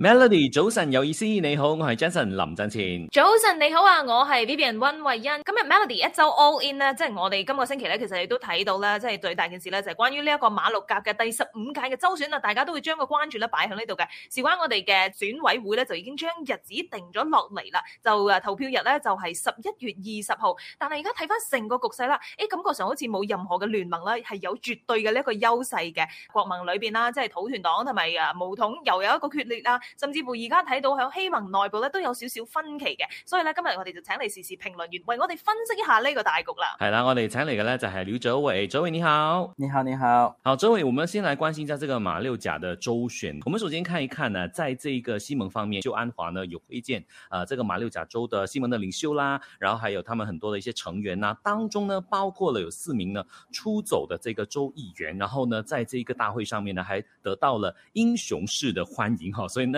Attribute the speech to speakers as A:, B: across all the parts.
A: Melody，早晨有意思，你好，我係 Jason 林振前。
B: 早晨你好啊，我係 Vivian 溫慧欣。今日 Melody 一周 All In 咧，即係我哋今個星期咧，其實亦都睇到啦，即係最大件事咧就係、是、關於呢一個馬六甲嘅第十五屆嘅州選啦，大家都會將個關注咧擺喺呢度嘅。事關我哋嘅選委會咧，就已經將日子定咗落嚟啦，就誒投票日咧就係十一月二十號。但係而家睇返成個局勢啦，誒感覺上好似冇任何嘅聯盟啦，係有絕對嘅呢一個優勢嘅，國盟裏邊啦，即係土團黨同埋啊巫統又有一個決裂啦。甚至乎而家睇到喺希盟內部咧都有少少分歧嘅，所以咧今日我哋就請嚟時事評論員為我哋分析一下呢個大局啦。
A: 係啦，我哋請嚟嘅咧就係劉哲偉，哲偉你好，你好你好。好，哲偉，我們先來關心一下這個馬六甲的州選。我們首先看一看呢，在這個希盟方面，就安華呢有推薦啊，這個馬六甲州的希盟的領袖啦，然後還有他們很多的一些成員啦、啊，當中呢包括了有四名呢出走的這個州議員，然後呢，在這一個大會上面呢，還得到了英雄式的歡迎哈，所以呢。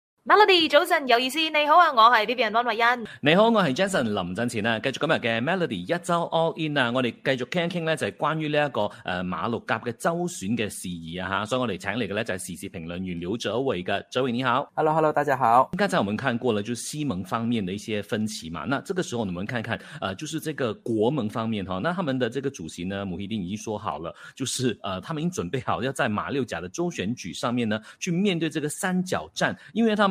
B: Melody 早晨，有意思，你好啊，我係呢邊嘅安慧欣。
A: 你好，我係 Jason 林振前啊，繼續今日嘅 Melody 一周 All In 啊，我哋繼續傾一傾咧就係、是、關於呢一個誒馬六甲嘅州選嘅事宜啊吓，所以我哋請嚟嘅咧就係、是、時事評論員劉哲偉嘅，哲偉你好。Hello，Hello，hello, 大家好。剛才我們看過了就是希盟方面的一些分歧嘛，那這個時候你們看看，誒、呃，就是這個國盟方面哈、啊，那他們的這個主席呢，慕尤丁已經說好了，就是呃他們已經準備好要在馬六甲的州選舉上面呢，去面對這個三角戰，因為他們。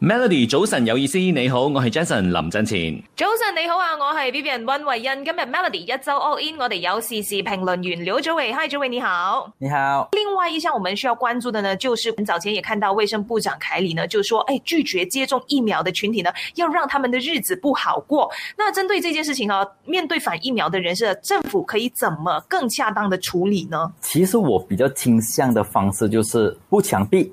A: Melody，早晨有意思，你好，我是 Jason 林振前。
B: 早晨你好啊，我係 Vivian 溫慧欣。今日 Melody 一周 all in，我哋有時事評論員劉哲偉，嗨，哲偉你好，你好。你好，另外一項我們需要關注的呢，就是早前也看到衛生部長凱里呢，就說誒、哎、拒絕接種疫苗的群體呢，要讓他們的日子不好過。那針對這件事情啊，面對反疫苗的人士，政府可以怎麼更恰當的處理呢？
C: 其實我比較傾向的方式就是不強逼。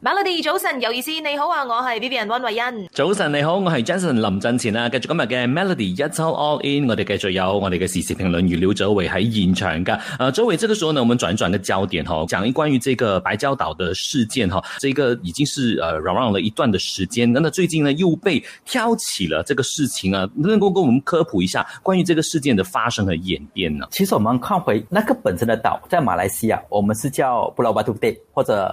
B: Melody 早晨有意思，你好啊，我係 Vivian 溫慧欣。
A: 早晨你好，我是 Jason 林振前啊。繼續今日嘅 Melody 一早 All In，我哋繼續有我哋嘅時事評論員劉哲偉喺現場噶。啊、呃，哲偉，這個時候呢，我們轉轉個焦點哦，講一關於這個白礁島的事件哈，這個已經是呃擾攘了一段的時間，咁啊最近呢又被挑起了這個事情啊，能夠跟我們科普一下關於這個事件的發生和演變呢？其實我們看回那個本身的島在馬來西亞，
C: 我們是叫布拉巴圖島或者。